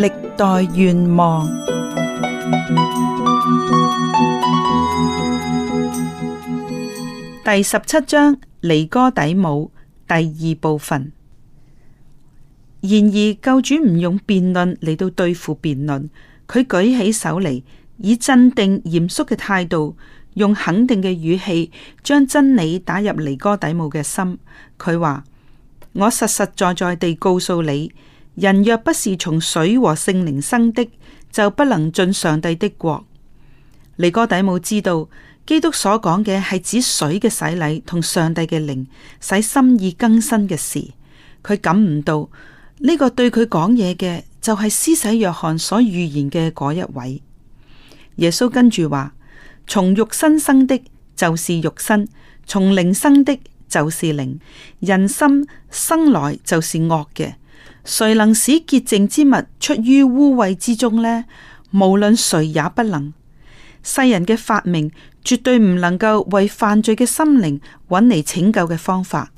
歷代願望第十七章《尼哥底母》第二部分。然而，救主唔用辯論嚟到對付辯論，佢舉起手嚟，以鎮定嚴肅嘅態度，用肯定嘅語氣，將真理打入尼哥底母嘅心。佢話：我實實在在地告訴你。人若不是從水和聖靈生的，就不能進上帝的國。尼哥底母知道基督所講嘅係指水嘅洗禮同上帝嘅靈使心意更新嘅事，佢感悟到呢、這個對佢講嘢嘅就係施洗約翰所預言嘅嗰一位。耶穌跟住話：從肉身生的，就是肉身；從靈生的，就是靈。人心生來就是惡嘅。誰能使潔淨之物出於污穢之中呢？無論誰也不能。世人嘅發明絕對唔能夠為犯罪嘅心靈揾嚟拯救嘅方法。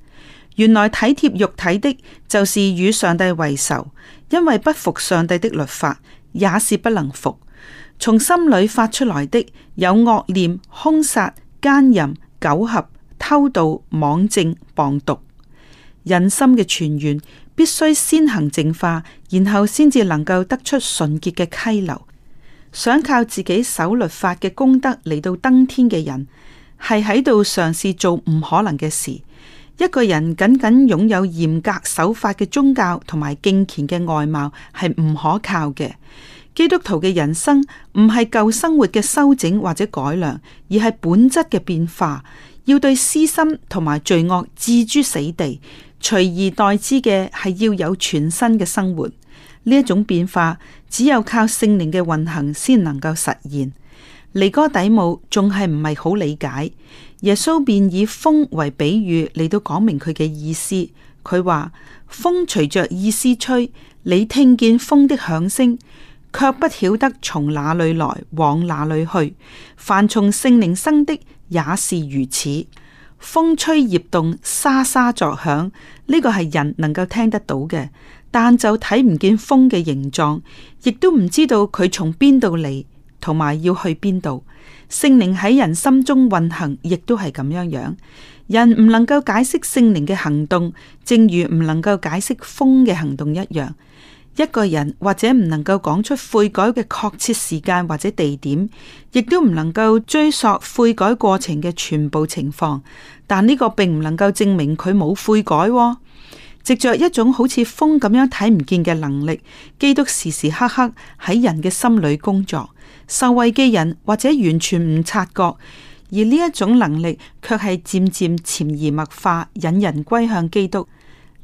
原來體貼肉體的，就是與上帝為仇，因為不服上帝的律法，也是不能服。從心裏發出來的有惡念、兇殺、姦淫、苟合、偷盜、妄證、謗讟，人心嘅泉源。必須先行淨化，然後先至能夠得出純潔嘅溪流。想靠自己守律法嘅功德嚟到登天嘅人，係喺度嘗試做唔可能嘅事。一個人僅僅擁有嚴格守法嘅宗教同埋敬虔嘅外貌，係唔可靠嘅。基督徒嘅人生唔係舊生活嘅修整或者改良，而係本質嘅變化，要對私心同埋罪惡置諸死地。取而代之嘅係要有全新嘅生活，呢一種變化只有靠聖靈嘅運行先能夠實現。尼哥底母仲係唔係好理解，耶穌便以風為比喻嚟到講明佢嘅意思。佢話，風隨着意思吹，你聽見風的響聲，卻不曉得從哪裏來，往哪裏去。凡從聖靈生的也是如此。風吹葉動，沙沙作響，呢個係人能夠聽得到嘅，但就睇唔見風嘅形狀，亦都唔知道佢從邊度嚟，同埋要去邊度。聖靈喺人心中運行，亦都係咁樣樣，人唔能夠解釋聖靈嘅行動，正如唔能夠解釋風嘅行動一樣。一個人或者唔能夠講出悔改嘅確切時間或者地點，亦都唔能夠追溯悔改過程嘅全部情況，但呢個並唔能夠證明佢冇悔改喎。藉着一種好似風咁樣睇唔見嘅能力，基督時時刻刻喺人嘅心裏工作，受惠嘅人或者完全唔察覺，而呢一種能力卻係漸漸潛移默化，引人歸向基督。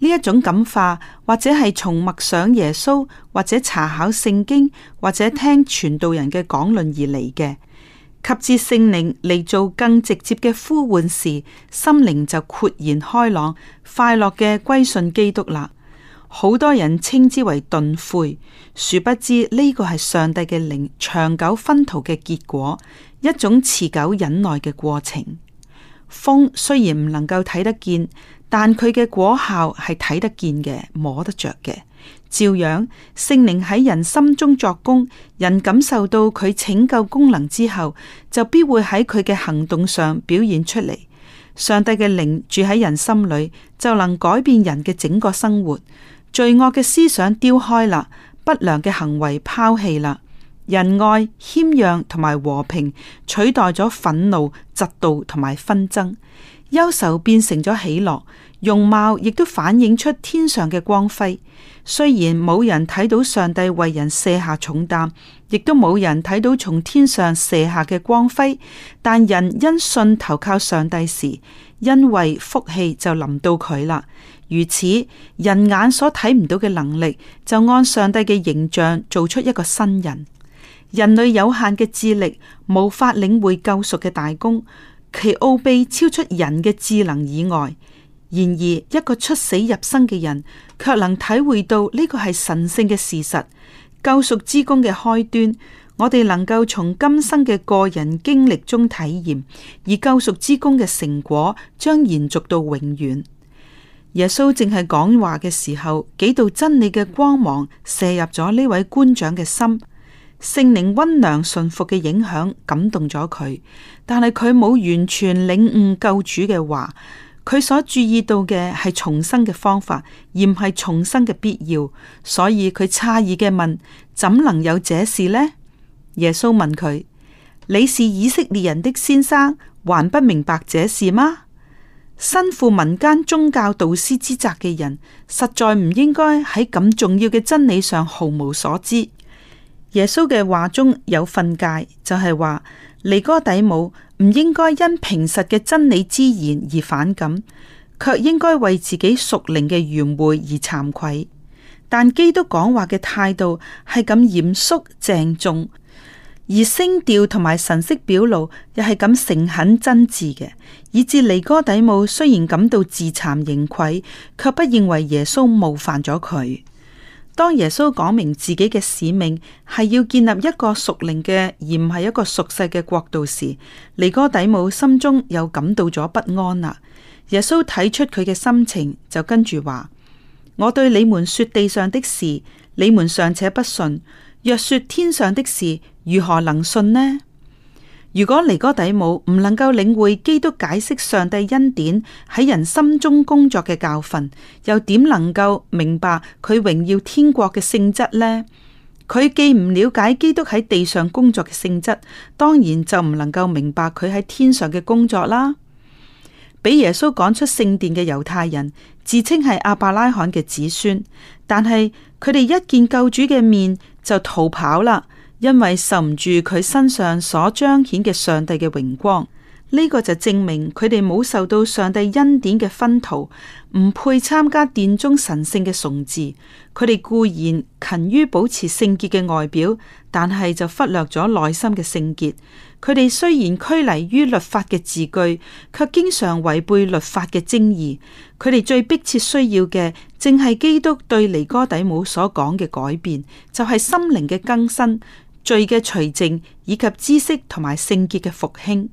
呢一種感化，或者係從默想耶穌，或者查考聖經，或者聽傳道人嘅講論而嚟嘅，及至聖靈嚟做更直接嘅呼喚時，心靈就豁然開朗，快樂嘅歸信基督啦。好多人稱之為頓悔，殊不知呢、這個係上帝嘅靈長久熏陶嘅結果，一種持久忍耐嘅過程。風雖然唔能夠睇得見。但佢嘅果效係睇得見嘅、摸得着嘅，照樣聖靈喺人心中作工，人感受到佢拯救功能之後，就必會喺佢嘅行動上表現出嚟。上帝嘅靈住喺人心裏，就能改變人嘅整個生活，罪惡嘅思想丟開啦，不良嘅行為拋棄啦，仁愛謙讓同埋和平取代咗憤怒、嫉妒同埋紛爭。憂愁變成咗喜樂，容貌亦都反映出天上嘅光輝。雖然冇人睇到上帝為人卸下重擔，亦都冇人睇到從天上卸下嘅光輝，但人因信投靠上帝時，因為福氣就臨到佢啦。如此，人眼所睇唔到嘅能力，就按上帝嘅形象做出一個新人。人類有限嘅智力，無法領會救贖嘅大功。其奧秘超出人嘅智能以外，然而一個出死入生嘅人卻能體會到呢個係神聖嘅事實，救贖之功嘅開端。我哋能夠從今生嘅個人經歷中體驗，而救贖之功嘅成果將延續到永遠。耶穌正係講話嘅時候，幾度真理嘅光芒射入咗呢位官長嘅心。聖靈溫良順服嘅影響感動咗佢，但係佢冇完全領悟救主嘅話，佢所注意到嘅係重生嘅方法，而唔係重生嘅必要，所以佢詫異嘅問：「怎能有這事呢？」耶穌問佢：「你是以色列人的先生，還不明白這事嗎？身負民間宗教導師之責嘅人，實在唔應該喺咁重要嘅真理上毫無所知。耶穌嘅話中有訓戒，就係話尼哥底母唔應該因平實嘅真理之言而反感，卻應該為自己屬靈嘅愚昧而慚愧。但基督講話嘅態度係咁嚴肅鄭重，而聲調同埋神色表露又係咁誠懇真摯嘅，以至尼哥底母雖然感到自慚形穢，卻不認為耶穌冒犯咗佢。當耶穌講明自己嘅使命係要建立一個屬靈嘅，而唔係一個屬世嘅國度時，尼哥底母心中又感到咗不安啦。耶穌睇出佢嘅心情，就跟住話：我對你們說地上的事，你們尚且不信；若說天上的事，如何能信呢？如果尼哥底母唔能夠領會基督解釋上帝恩典喺人心中工作嘅教訓，又點能夠明白佢榮耀天國嘅性質呢？佢既唔了解基督喺地上工作嘅性質，當然就唔能夠明白佢喺天上嘅工作啦。俾耶穌趕出聖殿嘅猶太人，自稱係阿伯拉罕嘅子孫，但係佢哋一見救主嘅面，就逃跑啦。因為受唔住佢身上所彰顯嘅上帝嘅榮光，呢個就證明佢哋冇受到上帝恩典嘅熏陶，唔配參加殿中神聖嘅崇治。佢哋固然勤於保持聖潔嘅外表，但係就忽略咗內心嘅聖潔。佢哋雖然拘泥於律法嘅字句，卻經常違背律法嘅精義。佢哋最迫切需要嘅，正係基督對尼哥底母所講嘅改變，就係心靈嘅更新。罪嘅除淨，以及知識同埋聖潔嘅復興。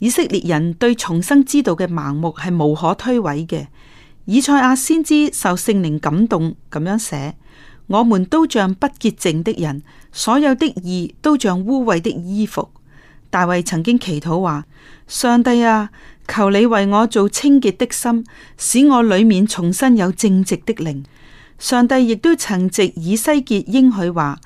以色列人對重生之道嘅盲目係無可推諉嘅。以賽亞先知受聖靈感動咁樣寫：我們都像不潔淨的人，所有的義都像污穢的衣服。大衛曾經祈禱話：上帝啊，求你為我做清潔的心，使我裏面重新有正直的靈。上帝亦都曾藉以西結應許話。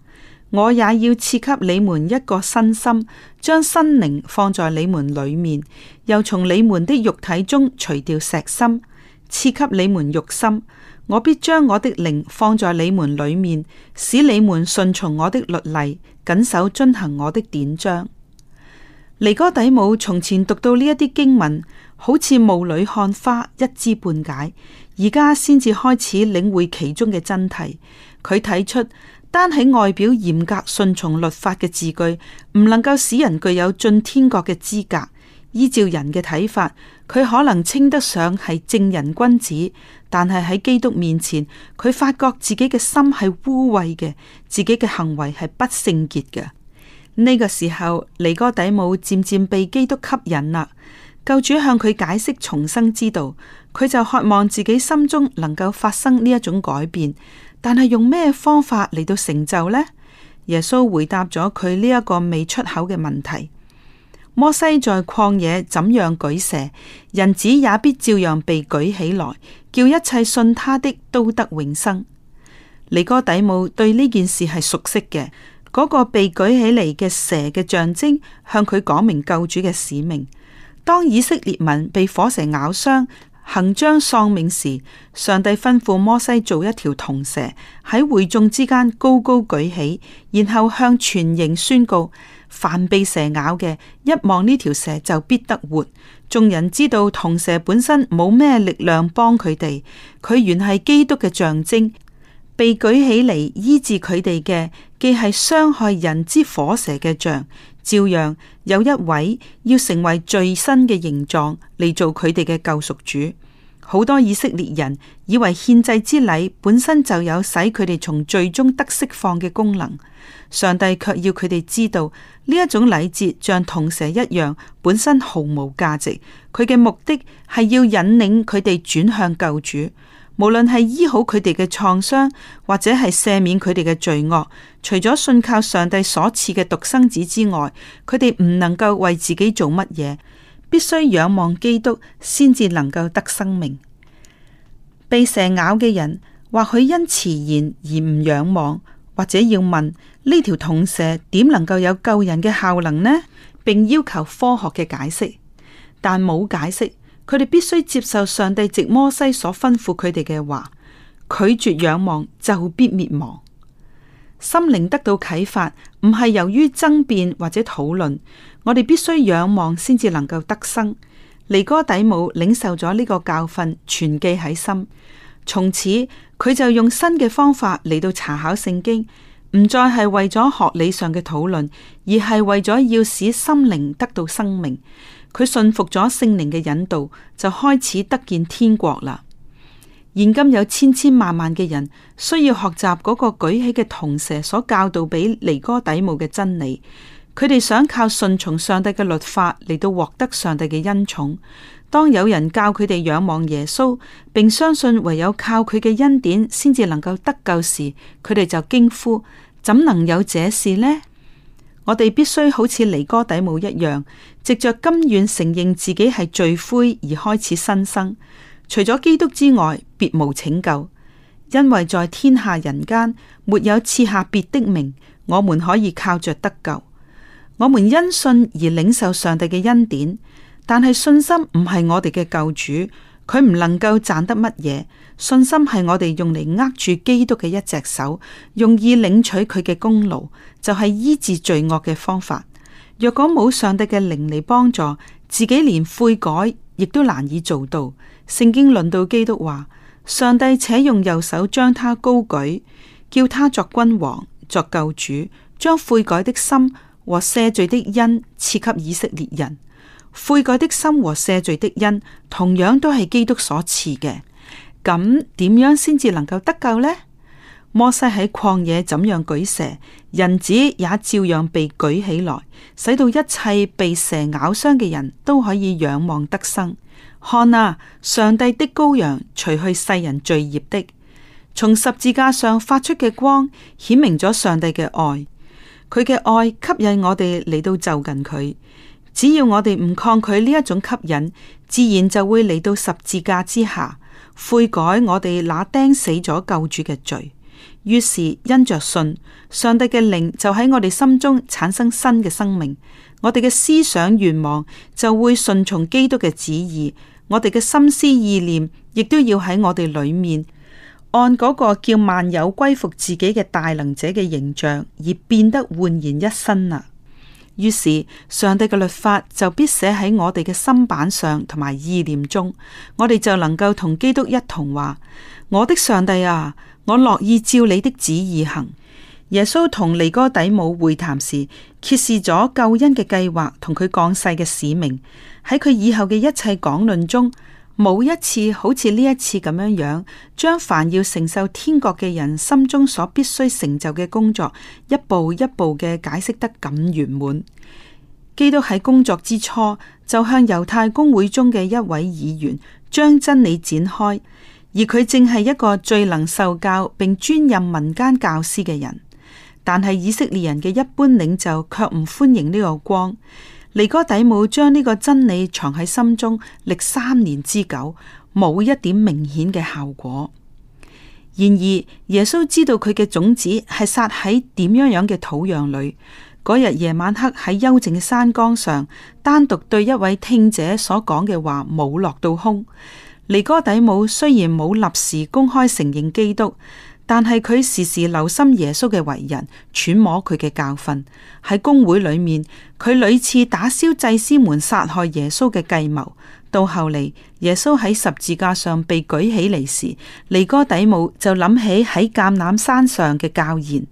我也要賜給你們一個新心，將新靈放在你們裏面，又從你們的肉體中除掉石心，賜給你們肉心。我必將我的靈放在你們裏面，使你們順從我的律例，謹守遵行我的典章。尼哥底母從前讀到呢一啲經文，好似霧裏看花，一知半解，而家先至開始領會其中嘅真諦。佢睇出。單喺外表嚴格順從律法嘅字句，唔能夠使人具有進天國嘅資格。依照人嘅睇法，佢可能稱得上係正人君子，但係喺基督面前，佢發覺自己嘅心係污穢嘅，自己嘅行為係不聖潔嘅。呢、這個時候，尼哥底母漸漸被基督吸引啦。救主向佢解釋重生之道，佢就渴望自己心中能夠發生呢一種改變。但係用咩方法嚟到成就呢？耶穌回答咗佢呢一個未出口嘅問題。摩西在曠野怎樣舉蛇，人子也必照樣被舉起來，叫一切信他的都得永生。尼哥底母對呢件事係熟悉嘅，嗰、那個被舉起嚟嘅蛇嘅象徵，向佢講明救主嘅使命。當以色列民被火蛇咬傷。行將喪命時，上帝吩咐摩西做一條銅蛇，喺會眾之間高高舉起，然後向全營宣告：凡被蛇咬嘅，一望呢條蛇就必得活。眾人知道銅蛇本身冇咩力量幫佢哋，佢原係基督嘅象徵，被舉起嚟醫治佢哋嘅，既係傷害人之火蛇嘅象。照樣有一位要成為罪身嘅形狀嚟做佢哋嘅救贖主。好多以色列人以為獻祭之禮本身就有使佢哋從罪中得釋放嘅功能，上帝卻要佢哋知道呢一種禮節像銅蛇一樣，本身毫無價值。佢嘅目的係要引領佢哋轉向救主。無論係醫好佢哋嘅創傷，或者係赦免佢哋嘅罪惡，除咗信靠上帝所賜嘅獨生子之外，佢哋唔能夠為自己做乜嘢，必須仰望基督先至能夠得生命。被蛇咬嘅人，或許因遲延而唔仰望，或者要問呢條銅蛇點能夠有救人嘅效能呢？並要求科學嘅解釋，但冇解釋。佢哋必須接受上帝藉摩西所吩咐佢哋嘅話，拒絕仰望就必滅亡。心靈得到啟發，唔係由於爭辯或者討論，我哋必須仰望先至能夠得生。尼哥底母領受咗呢個教訓，存記喺心，從此佢就用新嘅方法嚟到查考聖經，唔再係為咗學理上嘅討論，而係為咗要使心靈得到生命。佢信服咗聖靈嘅引導，就開始得見天國啦。現今有千千萬萬嘅人需要學習嗰個舉起嘅銅蛇所教導俾尼哥底母嘅真理，佢哋想靠順從上帝嘅律法嚟到獲得上帝嘅恩寵。當有人教佢哋仰望耶穌，並相信唯有靠佢嘅恩典先至能夠得救時，佢哋就驚呼：怎能有這事呢？我哋必須好似尼哥底母一樣，藉着甘願承認自己係罪魁而開始新生。除咗基督之外，別無拯救，因為在天下人間沒有賜下別的名，我們可以靠着得救。我們因信而領受上帝嘅恩典，但係信心唔係我哋嘅救主。佢唔能夠賺得乜嘢，信心係我哋用嚟握住基督嘅一隻手，用以領取佢嘅功勞，就係、是、醫治罪惡嘅方法。若果冇上帝嘅靈嚟幫助自己，連悔改亦都難以做到。聖經論到基督話：上帝且用右手將他高舉，叫他作君王、作救主，將悔改的心。和赦罪的恩賜給以色列人，悔改的心和赦罪的恩同樣都係基督所賜嘅。咁點樣先至能夠得救呢？摩西喺曠野怎樣舉蛇，人子也照樣被舉起來，使到一切被蛇咬傷嘅人都可以仰望得生。看啊，上帝的羔羊除去世人罪孽的，從十字架上發出嘅光，顯明咗上帝嘅愛。佢嘅愛吸引我哋嚟到就近佢，只要我哋唔抗拒呢一種吸引，自然就會嚟到十字架之下，悔改我哋那釘死咗救主嘅罪。於是因着信，上帝嘅靈就喺我哋心中產生新嘅生命，我哋嘅思想願望就會順從基督嘅旨意，我哋嘅心思意念亦都要喺我哋裏面。按嗰個叫萬有歸服自己嘅大能者嘅形象而變得煥然一新啦。於是，上帝嘅律法就必寫喺我哋嘅心版上同埋意念中，我哋就能夠同基督一同話：我的上帝啊，我樂意照你的旨意行。耶穌同尼哥底母會談時，揭示咗救恩嘅計劃同佢降世嘅使命，喺佢以後嘅一切講論中，冇一次好似呢一次咁樣樣，將凡要承受天國嘅人心中所必須成就嘅工作，一步一步嘅解釋得咁圓滿。基督喺工作之初，就向猶太公會中嘅一位議員將真理展開，而佢正係一個最能受教並專任民間教師嘅人。但係以色列人嘅一般領袖卻唔歡迎呢個光。尼哥底母將呢個真理藏喺心中，歷三年之久，冇一點明顯嘅效果。然而，耶穌知道佢嘅種子係撒喺點樣樣嘅土壤裏。嗰日夜晚黑喺幽靜嘅山崗上，單獨對一位聽者所講嘅話，冇落到空。尼哥底母雖然冇立時公開承認基督。但係佢時時留心耶穌嘅為人，揣摩佢嘅教訓。喺公會裏面，佢屢次打消祭司們殺害耶穌嘅計謀。到後嚟，耶穌喺十字架上被舉起嚟時，尼哥底母就諗起喺橄欖山上嘅教言：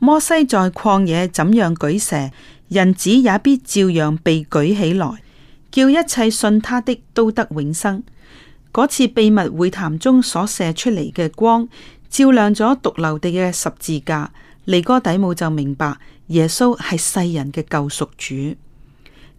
摩西在曠野怎樣舉蛇，人子也必照樣被舉起來，叫一切信他的都得永生。嗰次秘密會談中所射出嚟嘅光。照亮咗髑髏地嘅十字架，尼哥底母就明白耶穌係世人嘅救贖主。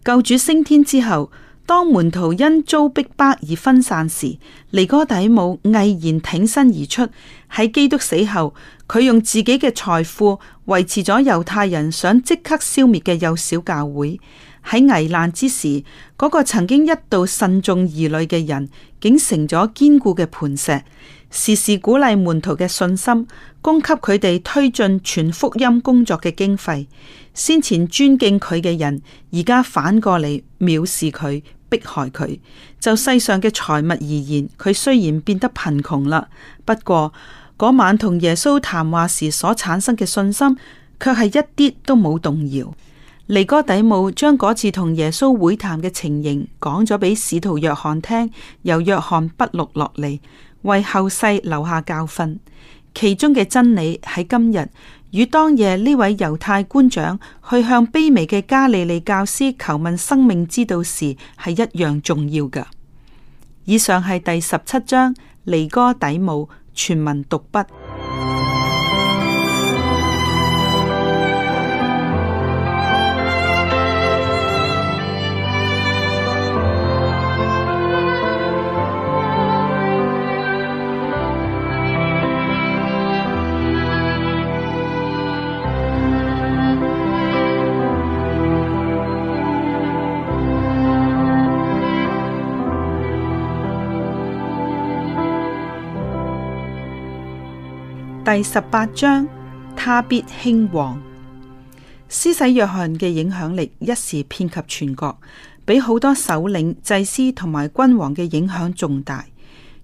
救主升天之後，當門徒因遭逼迫而分散時，尼哥底母毅然挺身而出。喺基督死後，佢用自己嘅財富維持咗猶太人想即刻消滅嘅幼小教會。喺危難之時，嗰、那個曾經一度慎重疑慮嘅人，竟成咗堅固嘅磐石。時時鼓勵門徒嘅信心，供給佢哋推進全福音工作嘅經費。先前尊敬佢嘅人，而家反過嚟藐視佢，迫害佢。就世上嘅財物而言，佢雖然變得貧窮啦，不過嗰晚同耶穌談話時所產生嘅信心，卻係一啲都冇動搖。尼哥底母將嗰次同耶穌會談嘅情形講咗俾使徒約翰聽，由約翰筆錄落嚟。為後世留下教訓，其中嘅真理喺今日與當夜呢位猶太官長去向卑微嘅加利利教師求問生命之道時係一樣重要嘅。以上係第十七章尼哥底母全文讀畢。第十八章，他必興旺。施洗約翰嘅影響力一時遍及全國，比好多首領、祭司同埋君王嘅影響重大。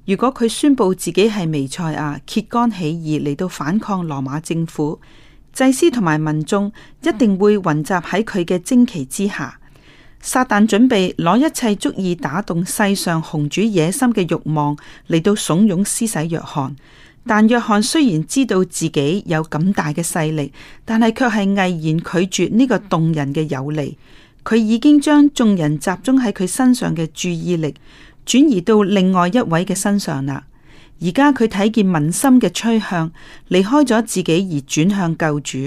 如果佢宣布自己係彌賽亞，揭竿起義嚟到反抗羅馬政府，祭司同埋民眾一定會雲集喺佢嘅旌旗之下。撒旦準備攞一切足以打動世上雄主野心嘅慾望嚟到慫恿施洗約翰。但約翰雖然知道自己有咁大嘅勢力，但係卻係毅然拒絕呢個動人嘅有利。佢已經將眾人集中喺佢身上嘅注意力轉移到另外一位嘅身上啦。而家佢睇見民心嘅趨向離開咗自己而轉向救主。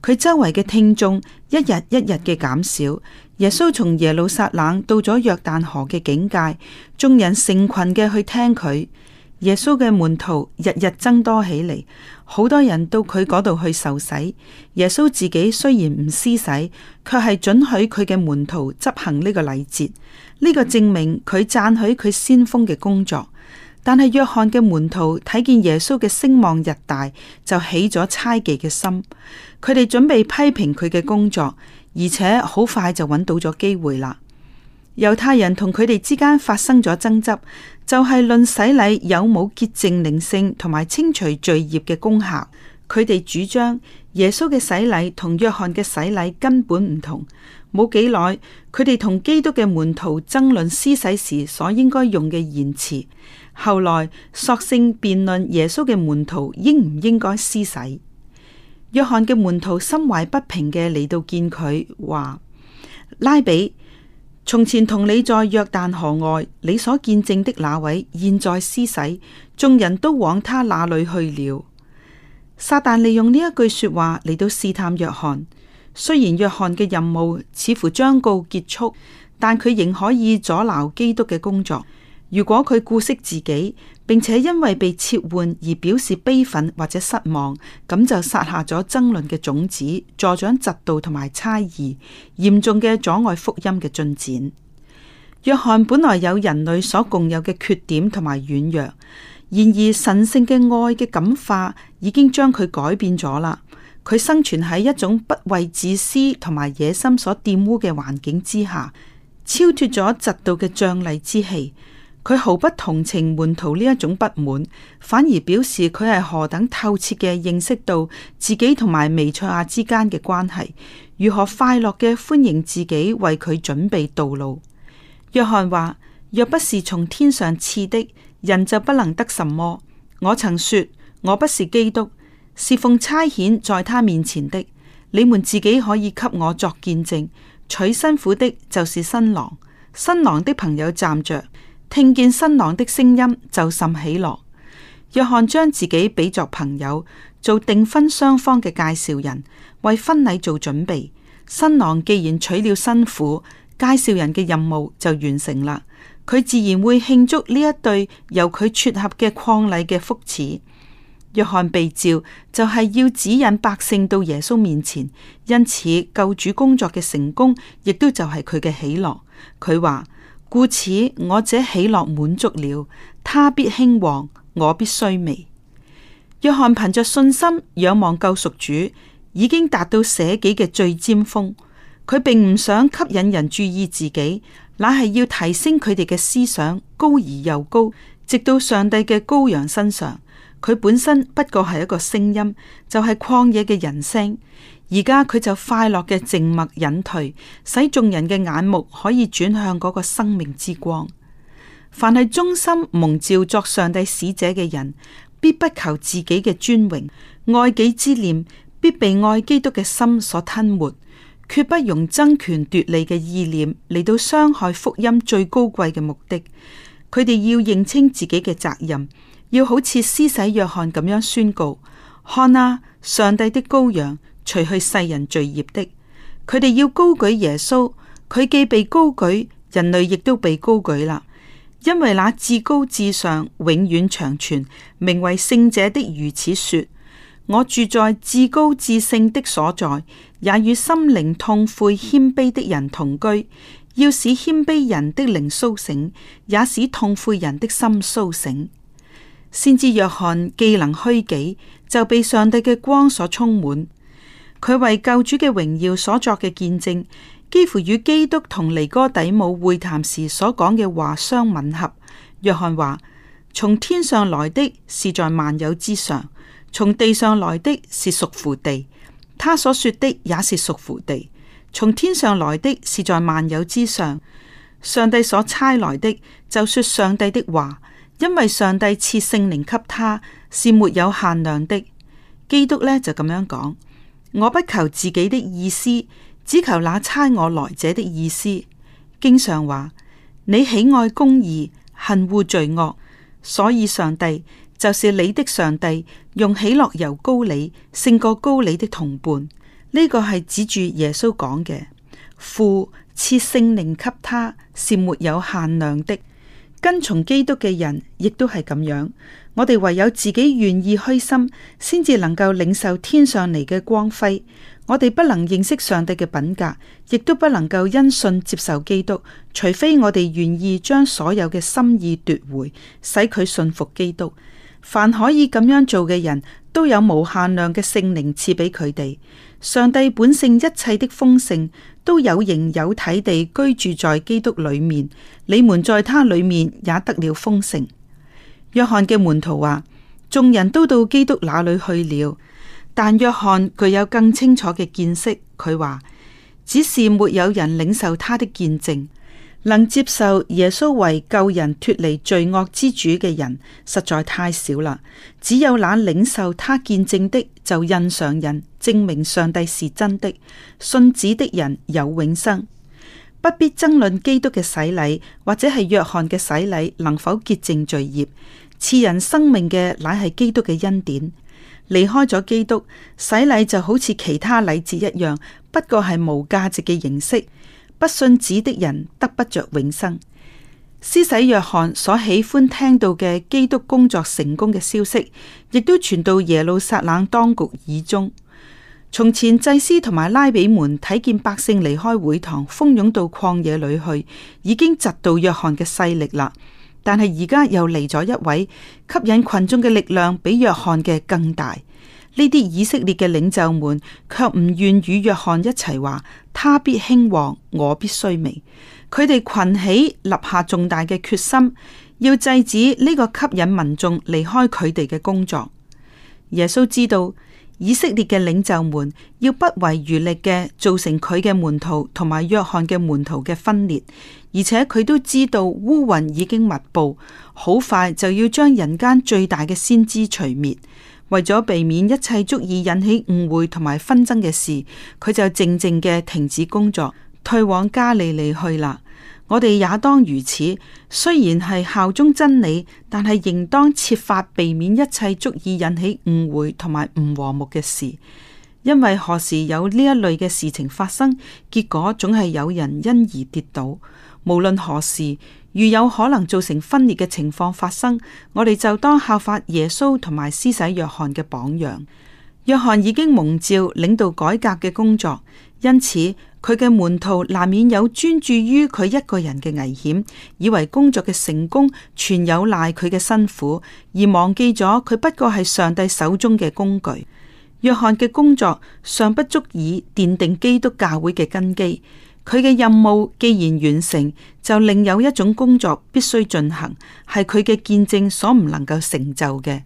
佢周圍嘅聽眾一日一日嘅減少。耶穌從耶路撒冷到咗約旦河嘅境界，眾人成群嘅去聽佢。耶穌嘅門徒日日增多起嚟，好多人到佢嗰度去受洗。耶穌自己雖然唔施洗，卻係准許佢嘅門徒執行呢個禮節。呢個證明佢贊許佢先鋒嘅工作。但係約翰嘅門徒睇見耶穌嘅聲望日大，就起咗猜忌嘅心。佢哋準備批評佢嘅工作，而且好快就揾到咗機會啦。猶太人同佢哋之間發生咗爭執。就係論洗禮有冇潔淨靈性同埋清除罪孽嘅功效，佢哋主張耶穌嘅洗禮同約翰嘅洗禮根本唔同。冇幾耐，佢哋同基督嘅門徒爭論施洗時所應該用嘅言辭。後來索性辯論耶穌嘅門徒應唔應該施洗。約翰嘅門徒心懷不平嘅嚟到見佢，話：拉比。從前同你在約旦河外，你所見證的那位，現在施洗，眾人都往他那裏去了。撒旦利用呢一句說話嚟到試探約翰，雖然約翰嘅任務似乎將告結束，但佢仍可以阻撓基督嘅工作。如果佢顧惜自己，並且因為被撤換而表示悲憤或者失望，咁就撒下咗爭論嘅種子，助長嫉妒同埋猜疑，嚴重嘅阻礙福音嘅進展。約翰本來有人類所共有嘅缺點同埋軟弱，然而神聖嘅愛嘅感化已經將佢改變咗啦。佢生存喺一種不為自私同埋野心所玷污嘅環境之下，超脫咗嫉妒嘅瘴癘之氣。佢毫不同情門徒呢一種不滿，反而表示佢係何等透徹嘅認識到自己同埋彌賽亞之間嘅關係，如何快樂嘅歡迎自己為佢準備道路。約翰話：若不是從天上賜的，人就不能得什麼。我曾說我不是基督，是奉差遣在他面前的。你們自己可以給我作見證，娶辛苦的就是新郎，新郎的朋友站着。聽見新郎的聲音，就甚喜樂。約翰將自己比作朋友，做訂婚雙方嘅介紹人，為婚禮做準備。新郎既然娶了新婦，介紹人嘅任務就完成啦。佢自然會慶祝呢一對由佢撮合嘅伉儷嘅福祉。約翰被召就係要指引百姓到耶穌面前，因此救主工作嘅成功，亦都就係佢嘅喜樂。佢話。故此，我這喜樂滿足了，他必興旺，我必衰微。約翰憑着信心仰望救贖主，已經達到捨己嘅最尖峰。佢並唔想吸引人注意自己，乃係要提升佢哋嘅思想，高而又高，直到上帝嘅羔羊身上。佢本身不過係一個聲音，就係曠野嘅人聲。而家佢就快樂嘅靜默隱退，使眾人嘅眼目可以轉向嗰個生命之光。凡係忠心蒙召作上帝使者嘅人，必不求自己嘅尊榮，愛己之念必被愛基督嘅心所吞沒，決不容爭權奪利嘅意念嚟到傷害福音最高貴嘅目的。佢哋要認清自己嘅責任，要好似施洗約翰咁樣宣告：看啊，上帝的羔羊！除去世人罪孽的，佢哋要高舉耶穌。佢既被高舉，人類亦都被高舉啦。因為那至高至上、永遠長存，名為聖者的如此說：我住在至高至聖的所在，也與心靈痛悔、謙卑的人同居，要使謙卑人的靈蘇醒，也使痛悔人的心蘇醒。先知約翰既能虛己，就被上帝嘅光所充滿。佢為救主嘅榮耀所作嘅見證，幾乎與基督同尼哥底母會談時所講嘅話相吻合。約翰話：從天上來的是在萬有之上；從地上來的是屬乎地。他所說的也是屬乎地。從天上來的是在萬有之上。上帝所差來的就說上帝的話，因為上帝賜聖靈給他是,是沒有限量的。基督呢，就咁樣講。我不求自己的意思，只求那差我來者的意思。經上話：你喜愛公義，恨惡罪惡，所以上帝就是你的上帝，用喜樂油膏你，勝過膏你的同伴。呢、這個係指住耶穌講嘅，父賜聖靈給他是沒有限量的。跟從基督嘅人亦都係咁樣，我哋唯有自己願意虛心，先至能夠領受天上嚟嘅光輝。我哋不能認識上帝嘅品格，亦都不能夠因信接受基督，除非我哋願意將所有嘅心意奪回，使佢信服基督。凡可以咁樣做嘅人都有無限量嘅聖靈賜俾佢哋。上帝本性一切的豐盛都有形有體地居住在基督裏面，你們在他裏面也得了豐盛。約翰嘅門徒話：眾人都到基督那裏去了，但約翰具有更清楚嘅見識，佢話只是沒有人領受他的見證。能接受耶穌為救人脱離罪惡之主嘅人實在太少啦，只有那領受他見證的就印上印，證明上帝是真的。信子的人有永生，不必爭論基督嘅洗禮或者係約翰嘅洗禮能否潔淨罪孽，賜人生命嘅乃係基督嘅恩典。離開咗基督，洗禮就好似其他禮節一樣，不過係無價值嘅形式。不信子的人得不着永生。施洗約翰所喜歡聽到嘅基督工作成功嘅消息，亦都傳到耶路撒冷當局耳中。從前祭司同埋拉比們睇見百姓離開會堂，蜂擁到曠野裏去，已經窒到約翰嘅勢力啦。但係而家又嚟咗一位吸引群眾嘅力量，比約翰嘅更大。呢啲以色列嘅領袖們卻唔願與約翰一齊話，他必興旺，我必衰微。佢哋群起立下重大嘅決心，要制止呢個吸引民眾離開佢哋嘅工作。耶穌知道，以色列嘅領袖們要不遺餘力嘅造成佢嘅門徒同埋約翰嘅門徒嘅分裂，而且佢都知道烏雲已經密布，好快就要將人間最大嘅先知除滅。為咗避免一切足以引起誤會同埋紛爭嘅事，佢就靜靜嘅停止工作，退往加利利去啦。我哋也當如此，雖然係效忠真理，但係仍當設法避免一切足以引起誤會同埋唔和睦嘅事，因為何時有呢一類嘅事情發生，結果總係有人因而跌倒。無論何時，如有可能造成分裂嘅情況發生，我哋就當效法耶穌同埋施洗約翰嘅榜樣。約翰已經蒙召領導改革嘅工作，因此佢嘅門徒難免有專注於佢一個人嘅危險，以為工作嘅成功全有賴佢嘅辛苦，而忘記咗佢不過係上帝手中嘅工具。約翰嘅工作尚不足以奠定基督教會嘅根基。佢嘅任務既然完成，就另有一種工作必須進行，係佢嘅見證所唔能夠成就嘅。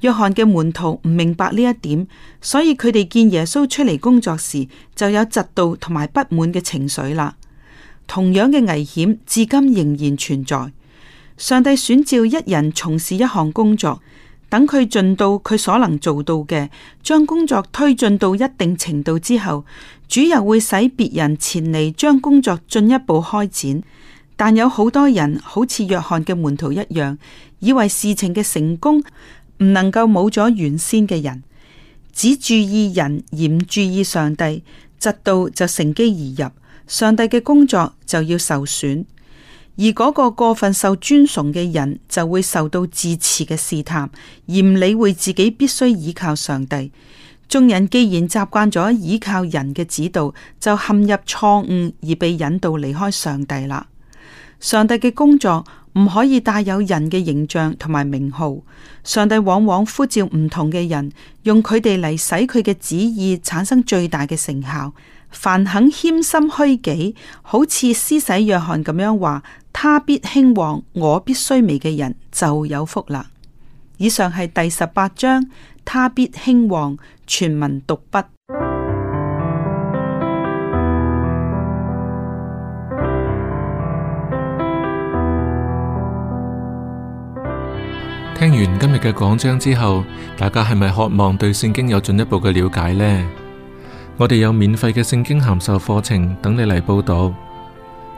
約翰嘅門徒唔明白呢一點，所以佢哋見耶穌出嚟工作時，就有嫉妒同埋不滿嘅情緒啦。同樣嘅危險至今仍然存在。上帝選召一人從事一項工作。等佢盡到佢所能做到嘅，將工作推進到一定程度之後，主又會使別人前嚟將工作進一步開展。但有好多人好似約翰嘅門徒一樣，以為事情嘅成功唔能夠冇咗原先嘅人，只注意人而唔注意上帝，直到就乘機而入，上帝嘅工作就要受損。而嗰個過分受尊崇嘅人就會受到自恃嘅試探，而唔理會自己必須依靠上帝。眾人既然習慣咗依靠人嘅指導，就陷入錯誤而被引導離開上帝啦。上帝嘅工作唔可以帶有人嘅形象同埋名號。上帝往往呼召唔同嘅人，用佢哋嚟使佢嘅旨意產生最大嘅成效。凡肯謙心虛己，好似施洗約翰咁樣話。他必興旺，我必衰微嘅人就有福啦。以上係第十八章，他必興旺全文讀畢。聽完今日嘅講章之後，大家係咪渴望對聖經有進一步嘅了解呢？我哋有免費嘅聖經函授課程等你嚟報讀。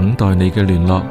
等待你嘅聯絡。